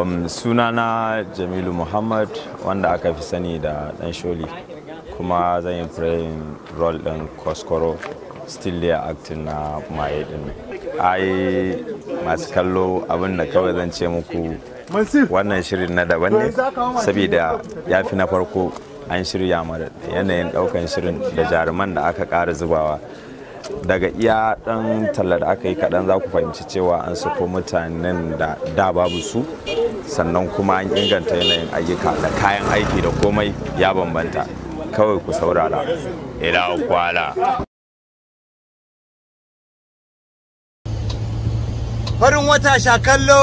Um, sunana Jamilu Muhammad wanda aka fi sani da ɗan Sholi kuma zan yi playing role ɗin Koskoro still there acting na maye ɗin. Ai masu kallo abin da kawai zan ce muku wannan shirin na daban ne saboda ya fi na farko an shirya mara yanayin ɗaukan shirin da jaruman da aka ƙara zubawa. daga iya dan talla da aka yi kaɗan za ku fahimci cewa an sako mutanen da da babu su sannan kuma an inganta yanayin ayyuka da kayan aiki da komai ya bambanta kawai ku saurara ila kwala farin wata sha kallo